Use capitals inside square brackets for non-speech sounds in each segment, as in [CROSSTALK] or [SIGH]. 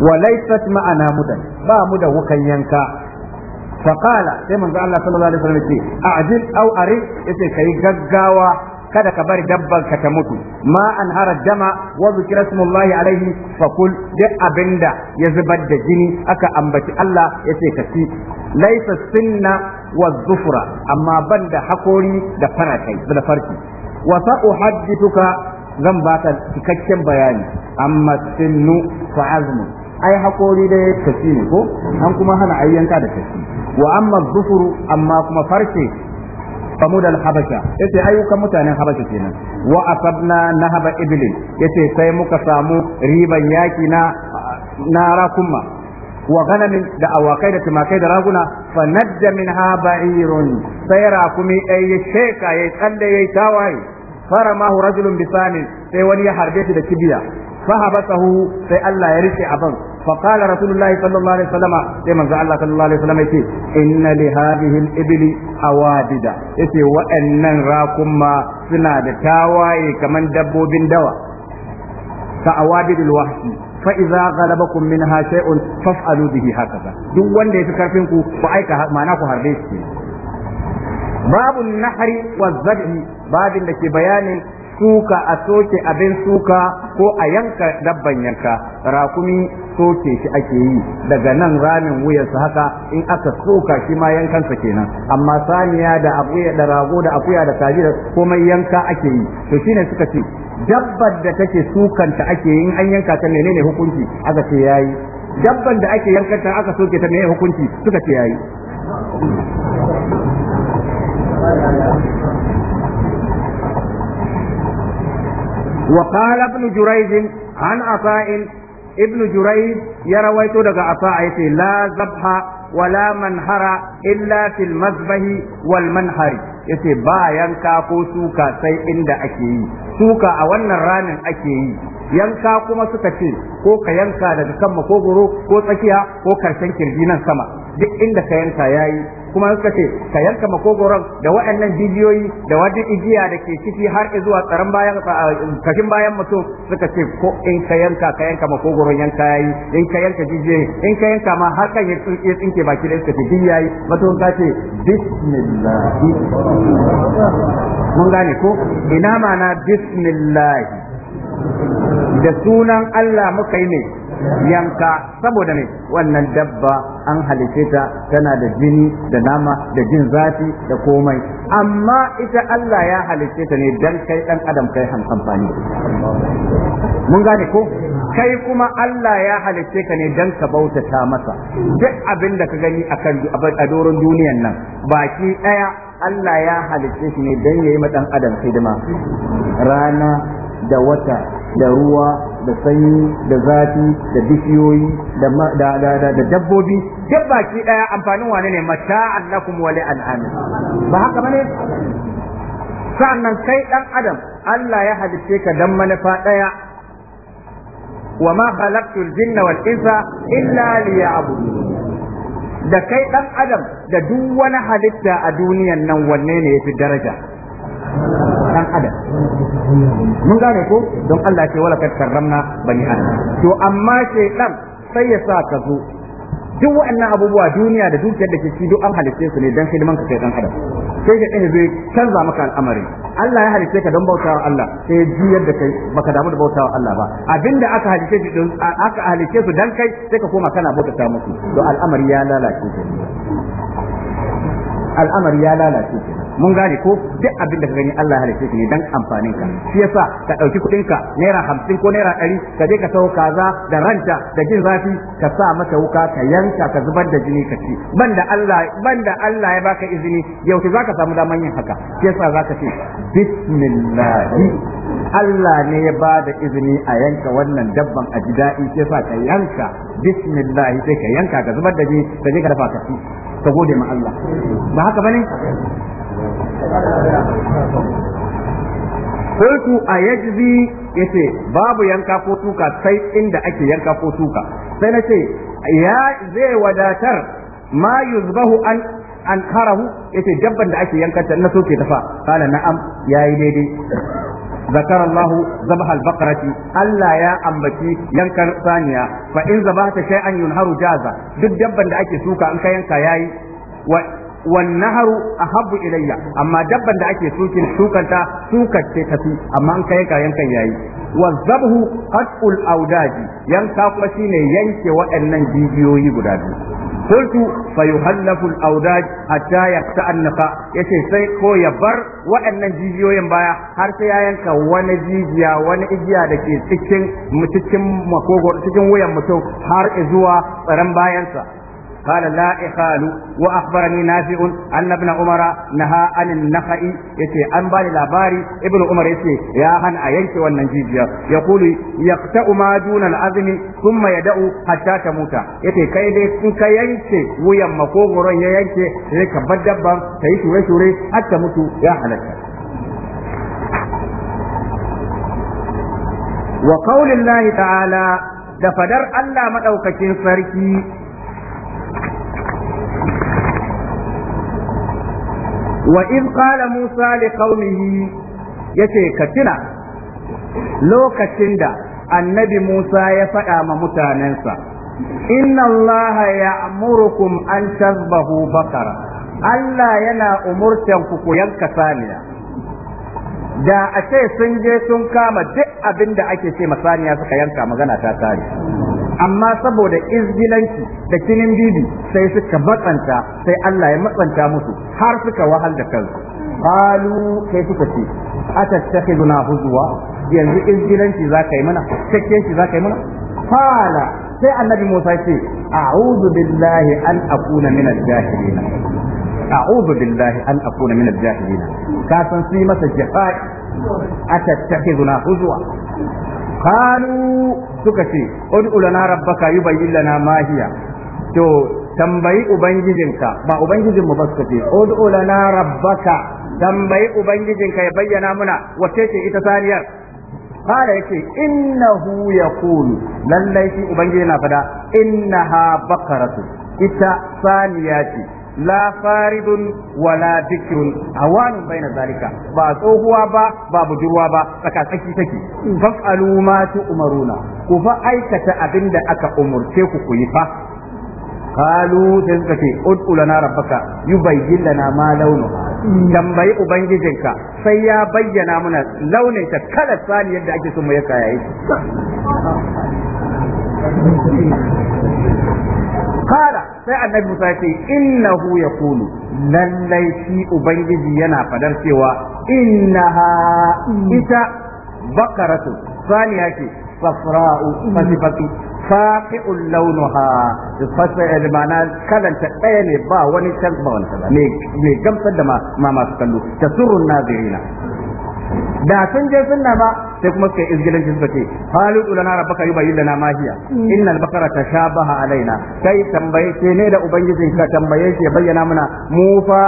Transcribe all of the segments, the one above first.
wa ma'ana mudan ba mu da wukan yanka faqala sai manzo Allah sallallahu alaihi wasallam ce a'jil aw ari yace kai gaggawa kada ka bari dabban ka ta mutu ma an hara dama wa zikra smullahi alaihi fa kul duk abinda ya zubar da jini aka ambaci Allah yace ka ci laysa sinna wa zufra amma banda hakori da farakai da farki wa sa uhaddithuka zan baka cikakken bayani amma sinnu fa azmu ai hakori da kashi ne ko an kuma hana ayyanka da kashi wa amma zufuru amma kuma farce famud al-habasha yace ayyukan mutanen habasha kenan wa asabna nahaba iblis yace sai muka samu riban yaki na na rakumma wa ganamin da awakai da tumakai da raguna fa najja minha ba'irun sai rakumi ai ya sheka ya tsalle ya tawaye faramahu rajulun bisani sai wani ya harbe shi da kibiya فحبسه سي الله يرسي أبن فقال رسول الله صلى الله عليه وسلم لمن زعل الله صلى الله عليه وسلم يتي إن لهذه الإبل أوابد يتي وأن راكما سناد تاواي كمن دبو بن دوا كأوابد الوحشي فإذا غلبكم منها شيء فافعلوا به هكذا دو wanda yafi karfin ku ku aika ma'ana ku harbe shi babun nahri wa zab'i babin da ke bayanin suka a soke abin suka ko a yanka dabban yanka rakumi soke shi ake yi daga nan ramin wuyansa haka in aka soka shi ma yankansa kenan amma saniya da akuya da rago da akuya da kaji da komai yanka ake yi to shine suka ce dabbar da take sukanta ake yi in an yanka ta menene hukunci aka ce yayi dabban da ake yankan ta aka soke ta menene hukunci suka ce yayi وقال ابن جريج عن عطاء ابن جريج يرويت دغ عطاء لا ذبح ولا منحر إلا في المذبه ya yace ba yanka ko suka sai inda ake yi suka a wannan ranin ake yi yanka kuma suka ce ko ka yanka daga kan makogoro ko tsakiya ko karshen kirji nan sama duk inda ka yanka yayi kuma suka ce ka yanka makogoron da waɗannan jijiyoyi da wata igiya da ke ciki har zuwa tsaron bayan kashin bayan mutum suka ce ko in ka yanka ka yanka makogoron yanka yayi in ka yanka jijiyoyi in ka yanka ma har kan ya tsinke baki da suka ce din yayi mutum ka ce bismillah mun gane ko ina ma'ana bismillah da sunan Allah muka yi ne yanka saboda ne wannan dabba an halice ta tana da jini da nama da jin zafi da komai amma ita Allah ya halice ta ne dan kai dan adam kai amfani mun gane ko kai kuma Allah ya halice ka ne dan ka bautata masa duk abin da ka gani akan a doron duniyan nan baki daya Allah ya halice shi ne dan yayi ma dan adam hidima rana da wata da ruwa da sanyi da zafi da bishiyoyi da da dabbobi duk baki daya amfanin wane ne mata, annakum wa li'an'amin ba haka bane sannan kai dan adam Allah ya halicce ka dan manufa daya wa ma al jinna wal insa illa liya'budun da kai dan adam da duk wani halitta a duniyan nan wanne ne yafi daraja dan adam mun gane ko don Allah ce wala kad karramna bani adam to amma shaytan sai ya sa ka zo duk wannan abubuwa duniya da dukiyar da ke ci duk an halitte su ne dan hidiman ka sai dan adam sai ka ɗaya zai canza maka al'amari Allah ya halitte ka don bautawa Allah sai ya juyar da kai baka damu da bautawa Allah ba abinda aka halitte su don aka halitte su dan kai sai ka koma kana bautawa musu to al'amari ya lalace al'amari ya lalace mun gane ko duk abin da ka gani Allah halice shi ne dan amfanin ka shi yasa ka dauki kuɗin ka naira 50 ko naira 100 ka je ka tawo kaza da ranta da jin zafi ka sa mata wuka ka yanka ka zubar da jini ka ci banda Allah Allah ya baka izini yau ki zaka samu daman yin haka shi yasa zaka ce bismillah Allah ne ya ba da izini a yanka wannan dabban a ji sai sa ka yanka bismillah sai ka yanka ka zubar da jini ka je ka dafa ka ci ka gode ma Allah ba haka bane Kotu a yajzi ya ce babu yanka ko tuka sai inda ake yanka ko tuka sai na ce ya zai wadatar ma yuzbahu an an karahu yace dabban da ake yankanta na soke tafa kana na'am yayi daidai ذكر الله allah ya ambaci yankar saniya ينكر ثانية فإن ذبحت شيئا ينهر jaza, duk dabban da ake suka an ka yanka yayi wan naharu ahabbu ilayya amma dabban da ake sukin sukanta sukar ce tafi amma an kai yanka yankan yayi wa zabhu qat'ul awdaji yanka kuma shine yanke waɗannan jijiyoyi guda biyu قلت فيهلف الاوداج حتى يقطع ya yace sai ko ya bar waɗannan jijiyoyin baya har sai ya yanka wani jijiya wani igiya da ke cikin cikin makogo cikin wuyan mutum har zuwa tsaron bayansa قال لا إخال وأخبرني نافع أن ابن عمر نهى عن النخع يتي أن بالي لاباري ابن عمر يتي يا هن أينك والنجيجية يقول يقتأ ما دون العظم ثم يدأ حتى تموت يتي كي دي كنك ينك ويا مقوغر ينك لك بدبا تيش ويشوري حتى موت يا حلتك وقول الله تعالى da fadar Allah maɗaukakin sarki wa in qala musa li qaumihi yace ka tuna lokacin da annabi musa ya faɗa ma mutanensa inna allaha ya'murukum an tazbahu bakara Allah yana umurtan ku ku yanka saniya da a ce sun je sun kama duk abinda ake ce masaniya suka yanka magana ta tare amma saboda izgilanci da kinin bibi sai suka matsanta sai Allah ya matsanta musu har suka wahal da kansu qalu sai suka ce atattakhiduna huzwa yanzu izgilanci za ka yi mana cikakken shi za ka yi mana fala sai annabi Musa ce a'udhu billahi an akuna min al-jahilin a'udhu billahi an akuna min al-jahilin ka san su yi masa jafa'i atattakhiduna huzwa qalu suka ce ud'u ulana rabbaka yubayyin lana ma hiya to tambayi ubangijinka ba ubangijin mu ba suka ce ud'u ulana rabbaka tambayi ubangijinka ya bayyana muna wace ce ita saniyar قال يكي إنه lallai لن ليس أبنجينا fada innaha bakaratu ita saniya ce la faridun wala dhikrun awanun zalika ba tsohuwa ba ba budurwa ba tsaka tsaki take fa'alu ma tu'maruna ku fa aikata abinda aka umurce ku ku yi fa قالوا تنكتي ادعو لنا ربك يبين لنا ما لونها tambayi ubangijinka sai ya bayyana mana launin ta kalar saniyar da ake so mu yaka sai annabi Musa ya ce innahu yaqulu lallai shi ubangiji yana fadar cewa innaha ita bakaratu saniya ce safra'u fasifatu faqi'ul launuha mana kalan kalanta ɗaya ne ba wani kalma ba wani ne gamsar da ma masu kallo tasurrun nazirina da sun je sunna ba sai kuma suka izgilanci suka ce halidu lana rabbaka yubayyin lana ma hiya mm. innal baqara tashabaha alaina kai tambaye ce ne da ubangijin ka tambaye shi ya bayyana mana mu fa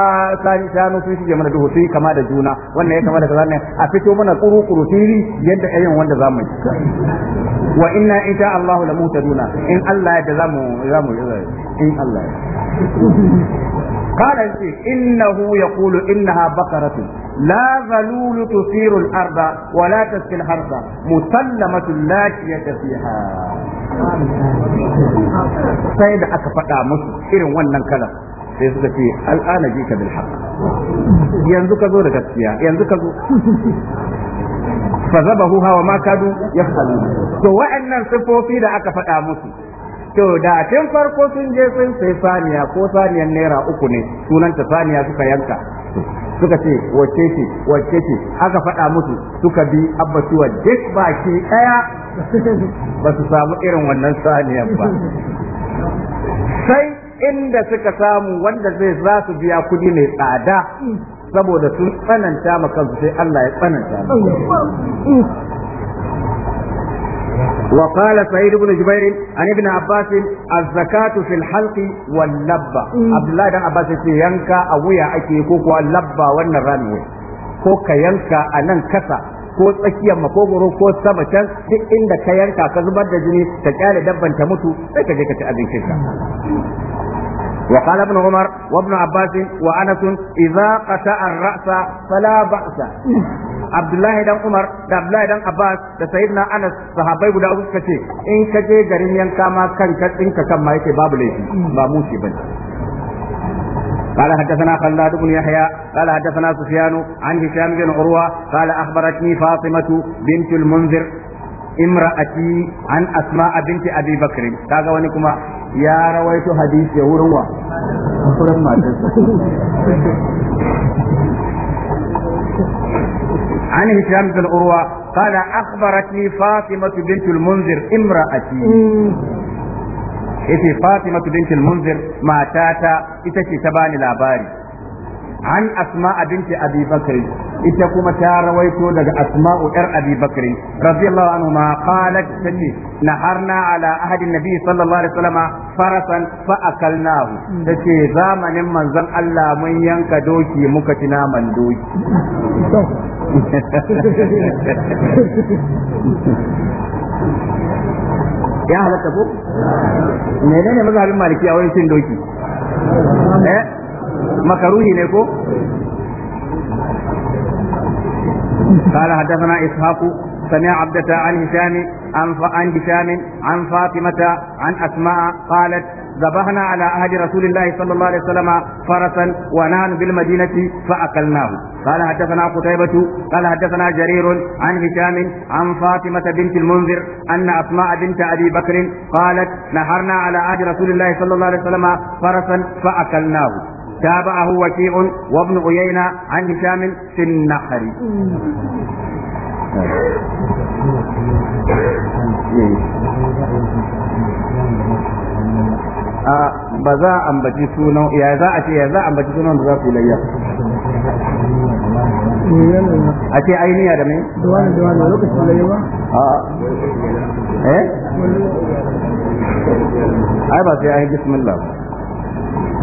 sani shanu sun shige mana duhu sai kama da juna wannan ya kama da kaza ne a fito mana kuru kuru fili yadda ayin wanda zamu yi wa inna insha Allah la mutaduna in Allah ya zamu zamu in Allah قال إنه يقول إنها بقرة لا ظلول تثير الأرض ولا تسقي الحرث مسلمة لا شية فيها sai da aka faɗa musu irin wannan kalan sai suka ce al'ana ji ka yanzu ka zo da gaskiya yanzu ka zo fa ma to wa'annan da aka faɗa musu to da tun farko sun je sun sai saniya ko saniyan naira uku ne sunanta saniya suka yanka suka ce wacce ce wacce ce aka faɗa musu suka bi abbatuwa duk baki ɗaya [LAUGHS] ba su samu irin wannan saniyar ba sai inda suka samu wanda zai za su biya kuɗi mai tsada saboda sun tsananta ma kansu sai Allah ya tsananta وقال سعيد بن جبير عن ابن عباس الزكاة في الحلق واللبة عبد الله بن عباس في ينكا أويا أكيكوك واللبة والنرانوة كوكا ينكا أنن كسا ko tsakiya makogoro ko sama can duk inda ka yanka ka zubar da jini ka kyale dabbanta mutu sai ka je ka ci abincin ka wa qala ibn umar wa ibn abbas wa anas idha qata'a ar-ra'sa fala Abdullahi dan Umar da Abdullahi dan Abbas da Sayyidina Anas sahabbai guda uku suka ce in ka je garin yanka ma kan kanka tsinka kan ma yake babu laifi ba mu mushi bane قال حدثنا خلاد بن يحيى قال حدثنا سفيان عن هشام بن عروه قال اخبرتني فاطمه بنت المنذر امراتي عن اسماء بنت ابي بكر كاغا ونكما يا رويت حديث يوروا عن هشام بن عروة قال أخبرتني فاطمة بنت المنذر امرأتي إيه فاطمة بنت المنذر ما تاتا إتشي تباني لاباري عن أسماء بنت أبي بكر ita kuma ta rawaito daga asma'u yar abi bakri radiyallahu anhu ma qalat tani naharna ala ahadin nabi sallallahu alaihi wasallam farasan fa akalnahu tace zamanin manzon Allah mun yanka doki muka ci naman doki [LAUGHS] ya halatta ko ne mazhabin maliki a wani cin doki eh makaruhi ne ko قال حدثنا إسحاق سمع عبدة عن هشام عن an هشام عن فاطمة عن asma'a, قالت ذبحنا على عهد رسول الله صلى الله عليه وسلم فرسا ونحن بالمدينة فأكلناه قال حدثنا قتيبة قال حدثنا جرير عن هشام عن فاطمة بنت المنذر أن أسماء بنت أبي بكر قالت نحرنا على عهد رسول الله صلى الله عليه وسلم فرسا فأكلناه تابعه وكيع وابن عيينة عن هشام في النحر a ba za a ambaci sunan ya za a ce ya za a ambaci sunan da za su layya a ce ainiya da mai duwani duwani lokacin layya ba eh ai ba sai ai bismillah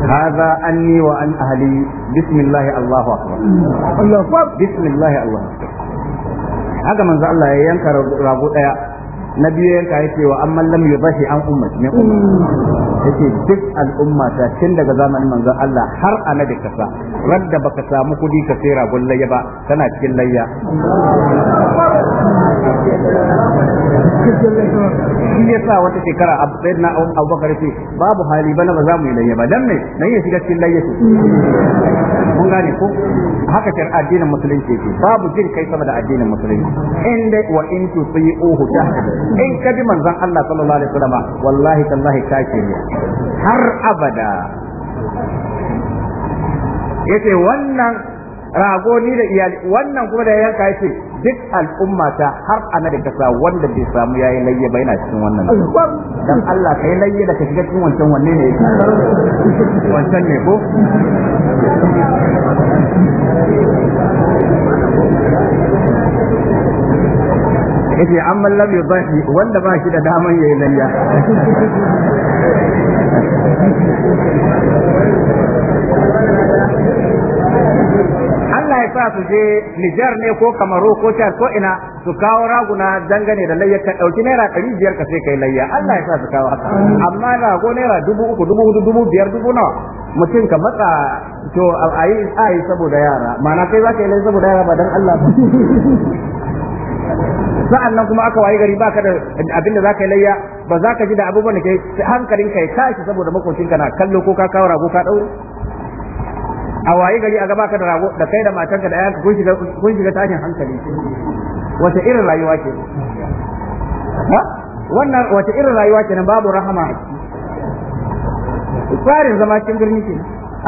هذا أني وأن أهلي بسم الله الله أكبر الله أكبر بسم الله الله أكبر هذا من الله ينكر راغو na biyu yanka ya ce wa an mallam ya bashi an ummati ne ya ce duk al'umma ta daga zamanin manzon Allah har a na da kasa radda baka samu kudi ka sai ragun layya ba kana cikin layya shi ya sa wata shekara a tsayin na abubakar ce babu hali bana ba za mu yi layya ba dan me nan ya shiga cikin layya mun gane ko haka shar addinin musulunci yake babu jin kai sama da addinin musulunci inda wa in tusi'uhu tahtadu in ka bi manzon Allah sallallahu alaihi wasallam wallahi tallahi ka ne har abada yace wannan rago ni da iyali wannan kuma da yanka yace duk al'umma ta har ana da kasa wanda bai samu yayi layye ba yana cikin wannan dan Allah kai layye da ka shiga cikin wancan wanne ne wancan ne ko yace amma lam yudahi wanda ba shi da daman yayi layya Allah ya sa su je Nijar ne ko Kamaru ko Chad ko ina su kawo raguna dangane da layyar ka dauki naira ɗari biyar ka sai kai layya Allah ya sa su kawo haka amma rago naira dubu uku dubu hudu dubu biyar dubu nawa mutum ka matsa to a yi saboda yara ma'ana kai za ka yi saboda yara ba dan Allah ba sa'an nan kuma aka waye gari baka da abin da za ka yi layya ba za ka ji da abubuwan da ke hankalin ka ya tashi saboda ka na kallo ko ka kawo rago ka ɗaure a waye gari a gaba ka da rago da kai da matanka da ayanka kun shiga kun shiga tashin hankali wace irin rayuwa ke? ha wannan wace irin rayuwa ke nan babu rahama tsarin zama cikin birni ke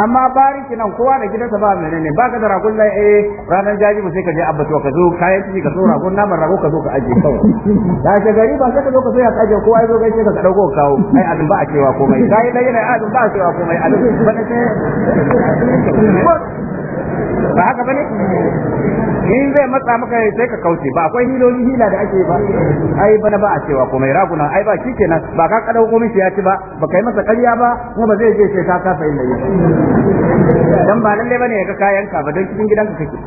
amma bariki nan kowa da gidansa ba menene ba ka da ragun lai eh ranar jaji ba sai ka je a ka zo kayan ciki ka ra'gun ragon naman rago ka zo ka aje kawai da ka gari ba sai ka zo ka zo ya aje kowa ya zo gaishe ka ka dauko ka kawo ai abin ba a cewa komai kai dai yi abin ba a cewa komai abin ba ne ba haka bane in zai matsa maka sai ka kauce ba akwai hiloli hila da ake ba ai bana ba a cewa ko mai raguna ai ba shikenan ba ka kada komai ya ci ba ba kai masa ƙarya ba kuma ba zai je sai ka kafa yin dan ba lalle bane ga kayan ka ba dan cikin gidanka kake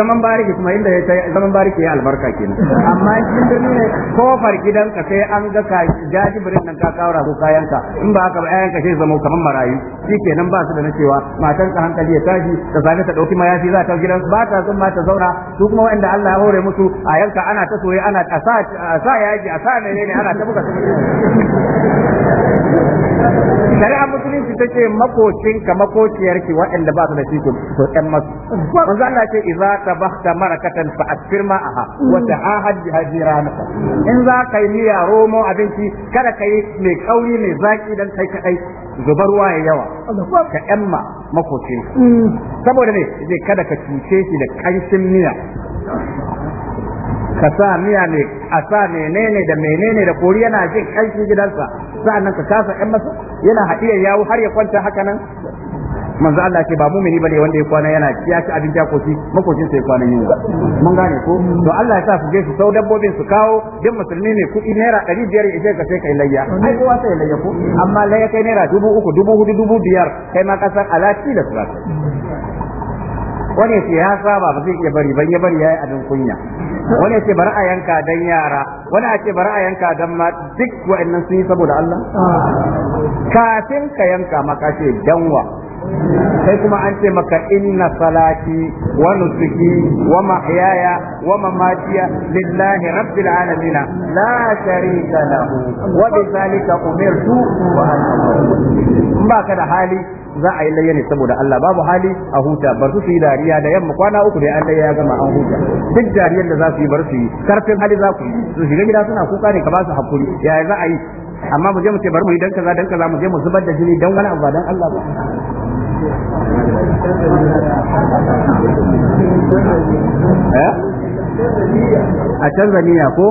zaman bariki kuma inda ya zaman bariki ya albarka kenan amma cikin gani ne far gidanka sai an ga ka jaji birin nan ka kawo ko kayan ka in ba haka ba ayan ka sai zama kamar marayu shikenan ba su da na cewa matan ka hankali ya tashi da safe ta dauke dauki mayafi za ta gidan ba ta zama ta zauna su kuma wanda Allah ya hore musu a yanka ana ta soye ana a sa yaji a sa ne ana ta buga su shari'a musulunci ta ce makocinka makociyarki waɗanda ba su da shi to ɗan masu manzo Allah ce idza tabakta marakatan fa asfir ha wa ta'ahad hajiranaka in za ka yi miya romo abinci kada ka yi mai kauri mai zaƙi dan kai kadai zubar ruwa ya yawa ka yamma makocinka saboda ne kada ka cuce shi da kanshin miya ka sa miya ne a sa menene da menene da kori yana jin kanshi gidansa sa'annan ka kasa ƴan masu yana hadiyar yawo har ya kwanta haka nan manzo Allah ce ba mumini bane wanda ya kwana yana ya ci abinci ya koshi makocin sa ya kwana yunwa mun gane ko to Allah ya sa su je su sau dabbobin su kawo duk musulmi ne kuɗi naira ɗari biyar ya ka sai kai layya ai kowa sai layya ko amma layya kai naira dubu uku dubu hudu dubu biyar kai ma kasar alaci da su wani ya saba ba zai iya bari ban ya bari yayi abin kunya wani ce bari a yanka dan yara wani ce bari a yanka dan ma duk wa'annan sun yi saboda Allah kafin ka yanka maka ce danwa sai kuma an ce maka inna salati wa nusuki wa mahyaya wa mamatiya lillahi rabbil alamin la sharika lahu wa bi zalika umirtu wa ba ka da hali za a yi layya ne saboda Allah babu hali a huta bar su yi dariya da yamma kwana uku da an ya gama an huta duk dariyar da za su yi bar su yi karfin hali za ku yi su shiga gida suna kuka ne ka ba su hakuri yaya za a yi amma mu je mu ce bar mu yi dan kaza dan kaza mu je mu zubar da jini dan wani abu dan Allah ba eh a Tanzania ko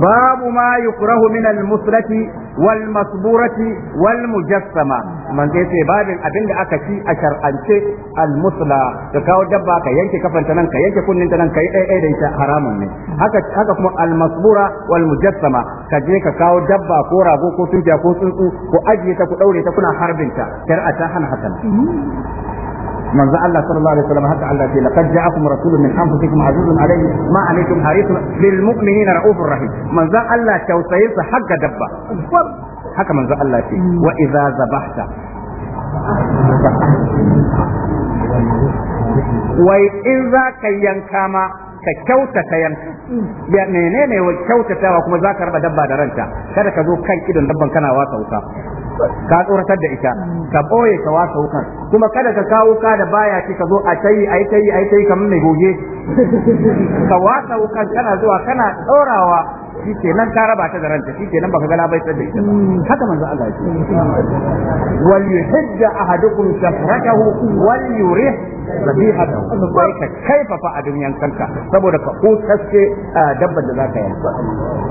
babu ma yukrahu min al-muslati wal masburati wal mujassama man zai ce babin abin da aka ci a shar'ance al-musla ka kawo dabba ka yanke kafanta nan ka yanke kunninta nan ka yi ɗaya da ita haramun ne haka kuma al-masbura wal mujassama ka je ka kawo dabba ko rago ko tunja ko tsuntsu ko ajiye ta ku ɗaure ta kuna harbinta shar'a ta hana hakan من ذا الله صلى الله عليه وسلم هكا على الذي لقد جاءكم رسول من انفسكم عزيز عليه ما عليكم حريص للمؤمنين رؤوف رحيم من ذا الله توسيس حق دبه هكا من ذا الله فيه واذا ذبحت واذا كي ينكما ka kyautata yanka menene wa kyautatawa kuma za ka raba dabba da ranta kada ka zo kan idon dabban kana wasa wuka ka tsoratar da ita ka ɓoye ka wasa wukan kuma kada ka kawo ka da baya ki ka zo a tayi ai tayi ai tayi kamar mai goge [LAUGHS] ka wasa wukan kana zuwa kana tsorawa. shi nan ta raba ta da ranta shi ba ka gala bai tsada ita ba, hmm. haka manzo Allah ya ce wal yuhajja ahadukum shafratahu wal yurih zabihatahu sai ka kaifafa a dunyan kanka saboda ka ko taske dabbar da zaka yanka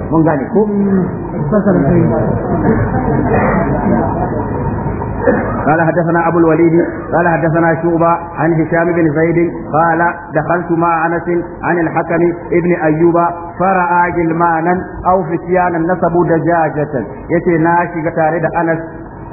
mun gane ko hmm. قال حدثنا ابو الوليد قال حدثنا شعبة عن هشام بن زيد قال دخلت مع انس عن الحكم ابن أيوب فرأى جلمانا او فتيانا نصبوا دجاجه يتي ناشي تاريد انس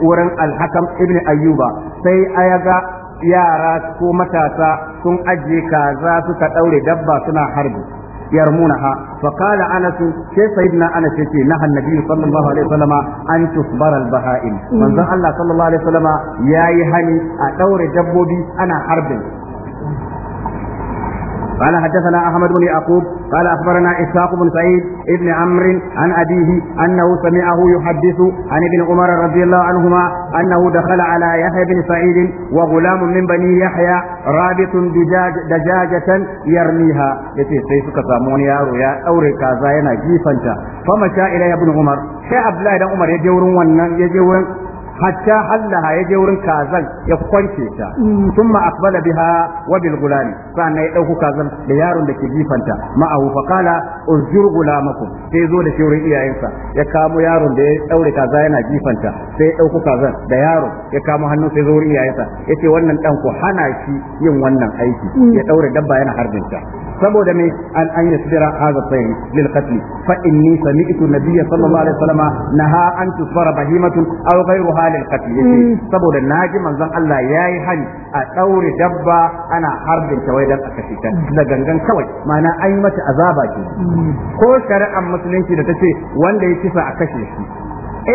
ورن الحكم ابن ايوب سي ايغا يارا كو متاسا matasa اجي ajiye سكا دوري دبا سنا suna يرمونها فقال انس كيف سيدنا انس يتي نهى النبي صلى الله عليه وسلم ان تصبر البهائم من الله صلى الله عليه وسلم يا يهني ادور دبوبي انا حرب قال حدثنا احمد بن يعقوب قال اخبرنا اسحاق بن سعيد ابن عمرو عن ابيه انه سمعه يحدث عن ابن عمر رضي الله عنهما انه دخل على يحيى بن سعيد وغلام من بني يحيى رابط دجاج دجاجة يرميها يتي سي suka samu wani yaro ya daure kaza yana jifanta fa masha ila ibn umar sai abdullahi dan umar ya je wurin wannan ya je wurin hatta hallaha ya je wurin kazan ya kwance ta mm. thumma aqbala biha wa bil gulami sannan ya dauko kazan da yaron da ke jifanta ma'ahu fa qala uzjur gulamakum sai zo da shi wurin iyayensa ya kamo yaron da ya daure kaza yana jifanta sai ya dauko kazan da yaron ya kamo hannu sai zo wurin iyayensa ce wannan dan ku hana shi yin wannan aiki mm. ya daure dabba yana harbinta saboda me an an yasbira hadha sayyi lil qatl fa inni sami'tu nabiyya sallallahu alaihi wasallam naha an tusfara bahimatun aw ghayruha anil qatl yake mm. saboda ji manzon Allah yayi hani a daure dabba ana harbin ta wai dan a kashe ta da gangan kawai mana an yi mata azaba ke mm. ko shari'ar musulunci da tace wanda ya kisa a kashe shi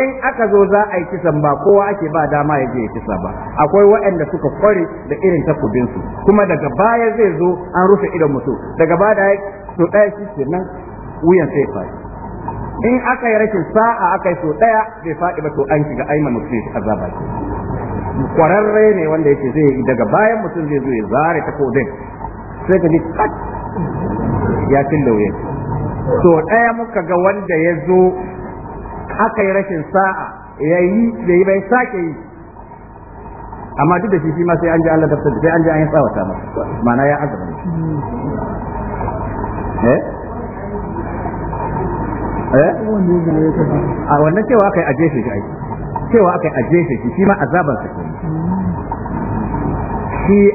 in aka zo za a yi kisan ba kowa ake ba dama ya je ya kisa ba akwai waɗanda suka kware da irin su kuma daga baya zai zo an rufe idan mutum daga baya da so ɗaya shi kenan wuyan sai fashi in aka yi rashin sa'a aka yi so daya bai faɗi ba to an shiga aima mutum azaba ke kwararre ne wanda yake zai daga bayan mutum zai zo ya zare ta kodin sai ka ji kat ya cilla wuya so daya muka ga wanda ya zo aka yi rashin sa'a ya yi da yi bai sake yi amma duk da shi shi ma sai an ji Allah da sai an ji an yi tsawata masa ma'ana ya azaba ne hmm. eh? Eh? Eh? a wannan cewa a jefe shi aka cewa a jefe shi shi ma azaban su ke shi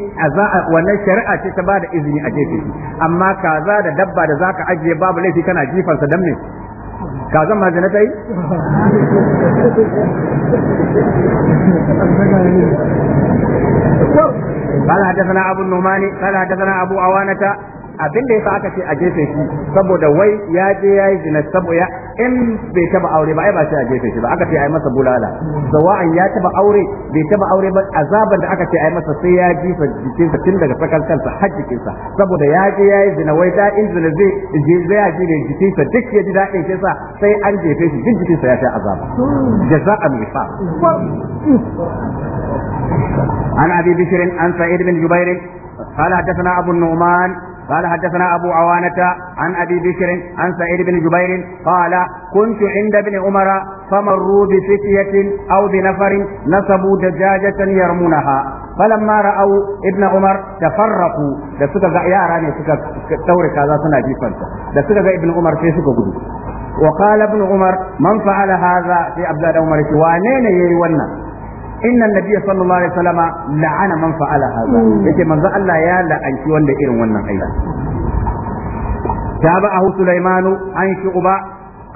wannan shari'a ce ta bada izini a jefe shi amma kaza da dabba da zaka ajiye babu laifi kana jifansa sa me kazan ma zina ta yi قال حدثنا a النعمان قال حدثنا أبو عوانة abin da yasa aka ce a jefe shi saboda wai ya je ya yi zina saboda in bai taba aure ba ai ba sai a jefe shi ba aka ce ai masa bulala an ya taba aure bai taba aure ba azaban da aka ce ai masa sai ya jifa jikinsa tun daga sakar kansa har jikinsa saboda ya je ya yi zina wai da in zina zai je zai ya jire sa duk ya ji daɗin shi sa sai an jefe shi duk jikinsa ya sha azaba jaza'an wifaq عن ابي بشر عن سعيد بن جبير قال حدثنا ابو النعمان قال حدثنا أبو عوانة عن أبي بشر عن سعيد بن جبير قال كنت عند ابن عمر فمروا بفتية أو بنفر نصبوا دجاجة يرمونها فلما رأوا ابن عمر تفرقوا da suka ga yara ne suka daure kaza suna jifanta da suka ga ibni Umar sai suka gudu wa qala ibn Umar man fa'ala hadha sai Abdullah Umar ki wane ne yi wannan innan nabiyya sallallahu alaihi wasallama la'ana man fa'ala hadha yace manzo Allah ya la'anci wanda irin wannan aiki tabahu sulaimanu an shu'ba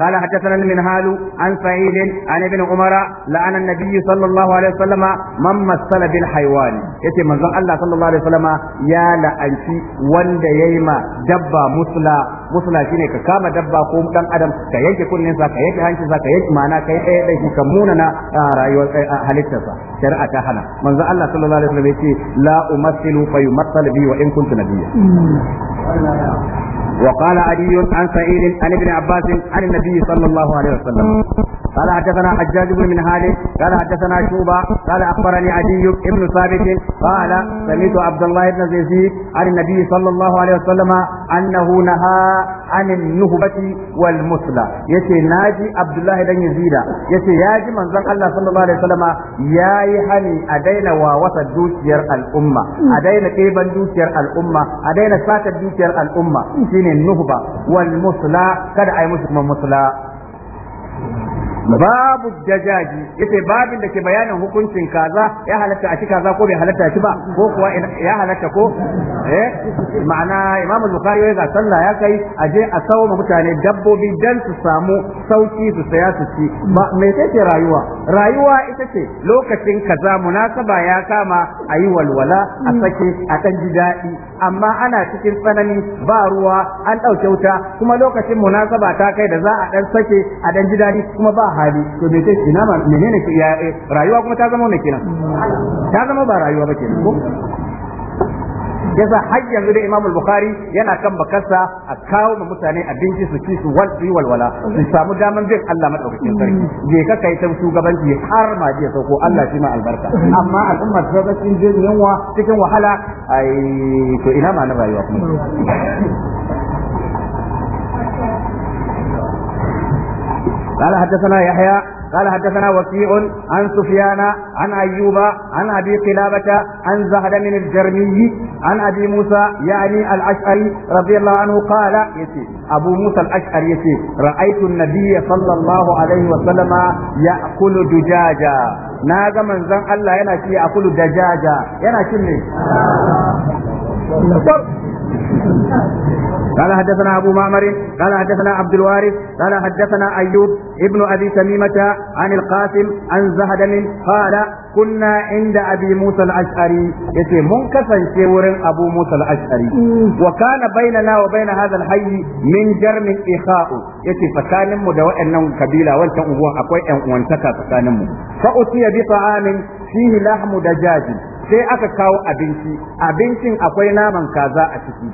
قال حدثنا المنهال عن سعيد عن ابن عمر لعن النبي صلى الله عليه وسلم من مثل بالحيوان يتي من الله صلى الله عليه وسلم يا لأنتي وند ييما دبا مثلا musla shine ka kama dabba ko dan adam ka yanke kunnen sa ka yanke hancin sa ka yanke mana kai ɗaya ɗaya ka munana rayuwar halittar sa shari'a ta hana manzo Allah sallallahu alaihi wasallam yace la umathilu fa yumathal bi wa in kuntu nabiyya hmm. وقال علي عن سعيد عن ابن عباس عن النبي صلى الله عليه وسلم قال حدثنا حجاج بن منهال قال حدثنا شوبة قال أخبرني عدي بن ثابت قال سمعت عبد الله بن زيد عن النبي صلى الله عليه وسلم أنه نهى عن النهبة والمثلى يتي ناجي عبد الله بن يزيد يتي ياجي من زن الله صلى الله عليه وسلم يا يحني أدين ووسط دوشير الأمة أدين كيبا دوشير الأمة أدين ساتر دوشير الأمة shine nuhba wal musla kada ai musu kuma musla babu dajaji yace babin da ke bayanin hukuncin kaza ya halatta a ci kaza ko bai halatta a ci ba ko kuwa ya halatta ko eh ma'ana imamu bukhari ya ga sallah ya kai a je a sawo mutane dabbobi dan su samu sauki su saya su ci me ce rayuwa rayuwa ita ce lokacin kaza munasaba ya kama a yi walwala a sake a dan ji amma ana cikin tsanani ba ruwa an ɗauke wuta kuma lokacin munasaba ta kai da za a ɗan sake a dan ji kuma ba hali to me sai ina ma menene ya eh, rayuwa kuma ta zama wannan kenan ta zama ba rayuwa ba kenan ko yasa har yanzu da Imam Bukhari yana kan bakarsa a kawo ma mutane abinci su ci su wal walwala su samu daman bin Allah madaukakin sarki je ka kai ta shugabanci har ma je sauko Allah shi ma albarka amma al'umma ta ga cikin yunwa cikin wahala ai to ina ma na rayuwa kuma قال حدثنا يحيى قال حدثنا وكيع عن سفيان عن أيوب عن أبي قلابة عن زهد من الجرمي عن أبي موسى يعني الأشعري رضي الله عنه قال يتي أبو موسى الأشعري يتي رأيت النبي صلى الله عليه وسلم يأكل دجاجا ناغا من زن الله ينشي يأكل دجاجا ينشي قال حدثنا أبو معمر قال حدثنا عبد الوارث قال حدثنا أيوب ابن أبي تميمة عن القاسم عن زهدم قال كنا عند أبي موسى الأشعري يتي منكسا شور أبو موسى الأشعري وكان بيننا وبين هذا الحي من جرم إخاء يتي فكان مدواء النوم كبيلة وانت أقوى أن وانتكى فكان فأتي بطعام فيه لحم دجاج sai aka kawo abinci abincin akwai naman kaza a ciki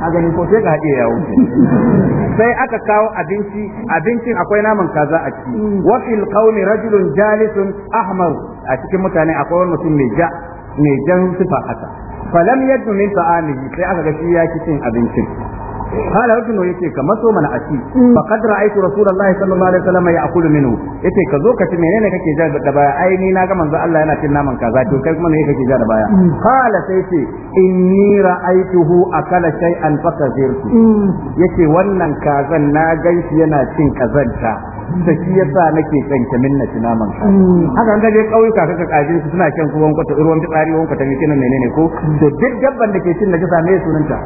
a gani ko sai ka haɗe ya wuce sai aka kawo abinci abincin akwai naman kaza a ciki wa fil qawmi rajulun jalisun ahmar a cikin mutane akwai wani mutum mai ja mai jan sifa haka falam yaddu min ta'amihi sai aka ga shi ya ci cin abincin قال ابن يتي كمسو من اشي فقد رايت رسول الله صلى الله عليه وسلم ياكل منه يتي كزو كتي منين كاكي جا دبا اي ني ناغا منزو الله يانا تي نامن كذا تو كاي كمان يكي جا دبا قال سيتي اني رايته اكل شيئا فكثرت يتي wannan kazan na ganshi yana cin kazanta da shi yasa nake kan ta minna naman ka haka ga dai kauyuka kaka kajin su suna kan kuwan kwata ruwan fitsari wanka ta yake nan menene ko to duk dabban da ke cin naga ne sunanta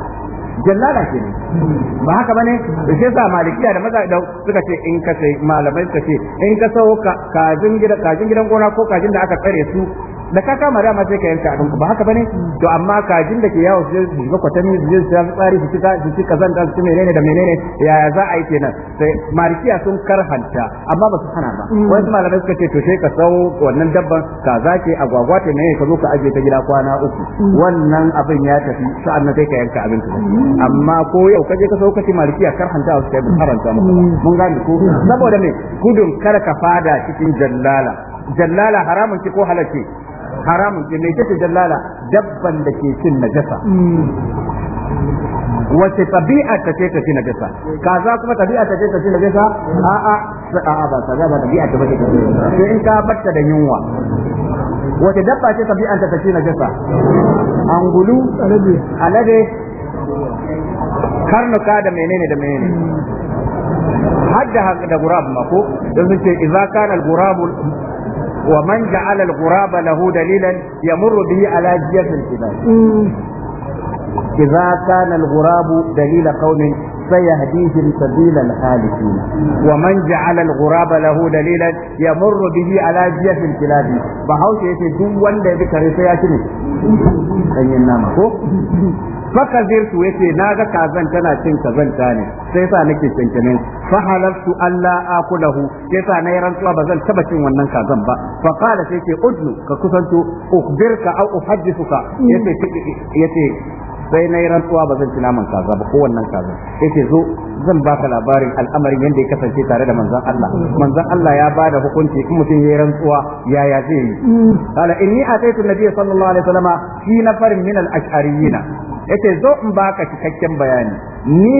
jallala ke ne ba haka bane da shi yasa malikiya da maza suka ce in ka sai malamai suka ce in ka sau kajin gidan kajin gona ko kajin da aka tsare su da ka kama dama sai ka yanka abin ba haka bane to amma kajin da ke yawo su ga kwatanni su je su ya tsari su cika su zan da su menene da menene ya za a yi kenan sai marikiya sun karhanta amma ba su hana ba mm. wani malamai suka ce to sai ka sau wannan dabban kaza a agwagwa ta ne ka zo ka aje ta gida kwana uku mm. wannan abin ya tafi sa'an nan sai ka yanka abin amma ko yau kaje ka sau kace marikiya karhanta su kai karanta mu mm. mun gani ko saboda me gudun kar ka fada cikin jallala jallala haramun ki ko halalci haramun ce mai tace jallala dabban da ke cin najasa wace tabi'a ta ce ta ci najasa kaza kuma tabi'a ta ce ta ci najasa a a a ba kaza ba tabi'a ta bace ta in ka batta da yunwa wace dabba ce tabi'a ta ci najasa angulu alade karnuka da menene da menene hadda da gurab ma ko sun ce idza kana al-gurab ومن جعل الغراب له دليلا يمر به على جيف الجبال إذا كان الغراب دليل قوم سيهديهم سبيل الخالدين ومن جعل الغراب له دليلا يمر به على جيف الكلاب بهاوش يتي دون وند بكري سياتني أي نعم su yace na ga kazan tana cin kazanta ne sai sa nake cincinin fa halaltu alla akulahu sai sa nayi rantsuwa ba zan taba cin wannan kazan ba fa qala sai ce udnu ka kusanto ukhbirka au uhaddithuka yace yace sai na yi rantsuwa ba zan ci naman kaza ba kowannan kaza yace zo zan baka labarin al'amarin yadda ya kasance tare da manzon Allah manzon Allah ya bada hukunci in mutum yi rantsuwa ya zai yi qala inni ataitu nabiy sallallahu alaihi wasallama fi nafarin min al-ash'ariyina yace zo in baka cikakken bayani ni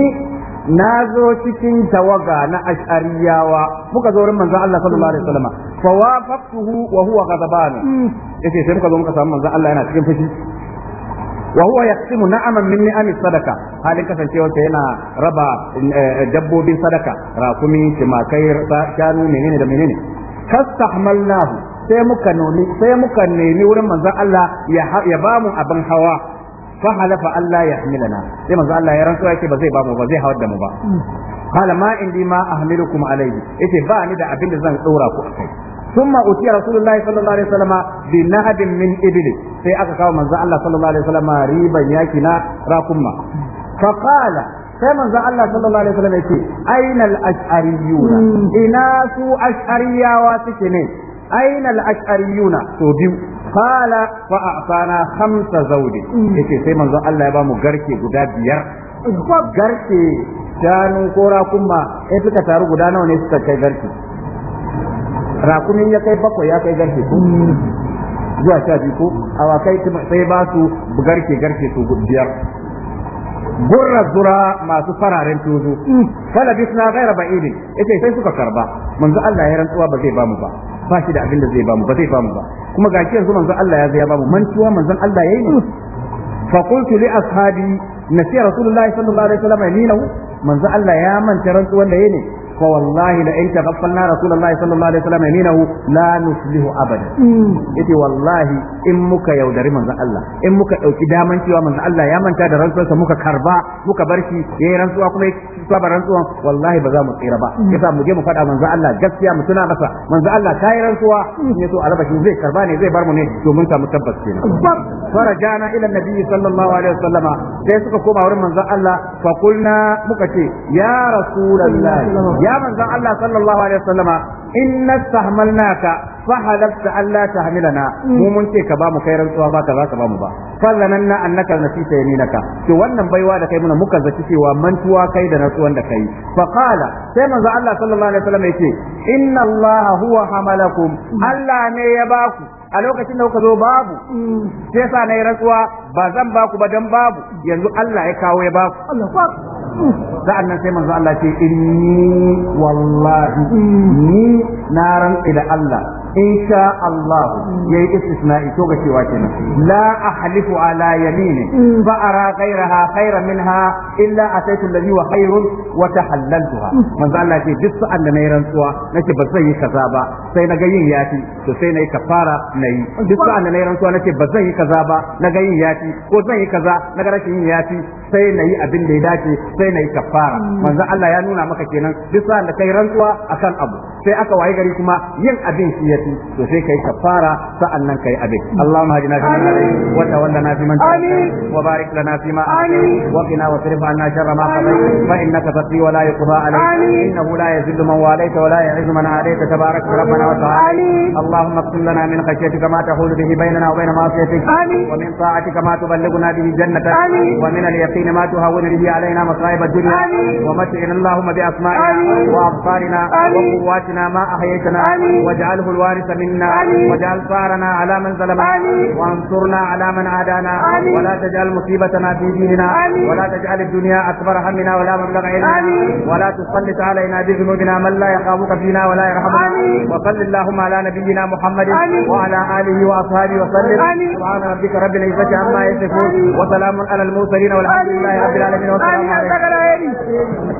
na zo cikin tawaga na ash'ariyawa muka zo wurin manzon Allah sallallahu alaihi wasallam fa wafaqtuhu wa huwa ghadban yace sai muka zo muka samu manzon Allah yana cikin fushi wa huwa yaqsimu na'aman min ni'amis sadaka halin kasancewarsa yana raba eh, dabbobin sadaka rakumi timakai shanu menene da menene kastahmalnahu sai muka nemi sai muka nemi wurin manzon Allah ya bamu abin hawa fa halafa Allah ya hamilana sai manzon Allah ya rantsuwa yake ba zai mu ba zai hawar da mu ba qala ma indi ahmilukum alayhi yace ba ni da abin da zan tsora ku akai ثم أتي رسول الله صلى الله عليه وسلم بنهد من إبل في أكاو من الله صلى الله عليه وسلم ريبا ياكنا راكما فقال sai manzo Allah sallallahu alaihi wasallam yake ainal ash'ariyuna ina su ash'ariyawa suke ne ainal ash'ariyuna to biyu qala fa a'tana khamsa zawdi hmm. yake sai manzo Allah ya bamu garke guda biyar garke shanu ko rakuma sai suka taru guda nawa ne suka kai garke rakumin ya kai bakwai ya kai garke ko zuwa sha biyu ko awakai sai ba su garke garke su biyar gurra zura masu fararen tozo hmm, fala bisna ba ba'idin yace sai suka karba manzo Allah ya rantsuwa ba zai bamu ba ba shi da abin da zai bamu ba zai bamu ba kuma ga ki yanzu manzo Allah ya zai bamu mantuwa manzo Allah yayi ne fa qultu li ashabi nasiya rasulullahi sallallahu alaihi wasallam yaminahu manzo Allah ya manta rantsuwan da yayi ne فوالله لئن تغفلنا رسول الله صلى الله عليه وسلم يمينه لا نفلح ابدا yace wallahi in muka yaudari manzo Allah in muka ɗauki daman cewa manzo Allah ya manta da rantsuwarsa muka karba muka bar shi yayi rantsuwa kuma ya saba rantsuwan wallahi ba za mu tsira ba mm. yasa mu je mu faɗa manzo Allah gaskiya mu tuna masa manzo Allah kai rantsuwa in yaso a raba shi zai karba ne zai bar mu ne domin mun samu tabbas kenan farajana ila nabi sallallahu alaihi wasallam sai suka koma wurin manzo Allah fa kulna muka ce ya rasulullahi ya manzon Allah sallallahu alaihi wasallama inna sahmalnaka fa halafta alla tahmilana mu mun ce ka ba mu kai rantsuwa ba ka za ka ba mu ba fazananna annaka nasita yaminaka to wannan baiwa da kai muna muka zaci cewa mantuwa kai da rantsuwan da kai fa qala sai manzo Allah sallallahu alaihi wasallam yace inna Allah huwa hamalakum Allah ne ya baku a lokacin da kuka zo babu sai sa nayi rantsuwa ba zan baku ba dan babu yanzu Allah ya kawo ya baku sa'an nan sai manzo Allah ce inni wallahi ni na ran da Allah insha Allah yayi istisna'i ito ga cewa kenan la ahlifu ala yamini mm. fa ha haira min minha illa ataitu alladhi wa wata wa ha. Mm. manzo Allah ce duk sa'an da yi rantsuwa nace ba zan yi kaza ba sai na ga yin yafi to sai nayi kafara yi duk sa'an da yi rantsuwa nace ba zan yi kaza ba na ga yin yafi ko zan yi kaza na ga rashin yin yafi sai nayi abin da ya dace sai nayi kafara mm. manzo Allah ya nuna maka kenan duk sa'an da kai rantsuwa akan abu sai aka waye gari kuma yin abin shi ya fi to sai kai kafara sa'an nan kai abin Allahumma hadina fi man hadayt wanda na fi man tawallayt wa barik lana fi ma atait wa qina wa sirif anna sharra ma qadayt fa innaka taqdi wa la yuqda alayk innahu la yazillu man walayt wa la yu'izzu man adayt tabarak rabbana wa ta'ala Allahumma qsim lana min khashyatika ma tahulu bihi baynana wa bayna ma'asiyatik wa min ta'atika ma tuballighuna bihi jannatak wa min al-yaqin alayna مصائب الدنيا ومتعنا اللهم بأسمائنا وأبصارنا وقواتنا آتنا ما أحييتنا واجعله الوارث منا واجعل ثارنا على من ظلمنا وانصرنا على من عادانا ولا تجعل مصيبتنا في ديننا ولا تجعل الدنيا أكبر همنا ولا مبلغ علمنا ولا تسلط علينا بذنوبنا من لا يخافك فينا ولا يرحمنا وصل اللهم على نبينا محمد وعلى آله وأصحابه وسلم سبحان ربك رب العزة عما يصفون وسلام على المرسلين والحمد لله رب العالمين والسلام عليكم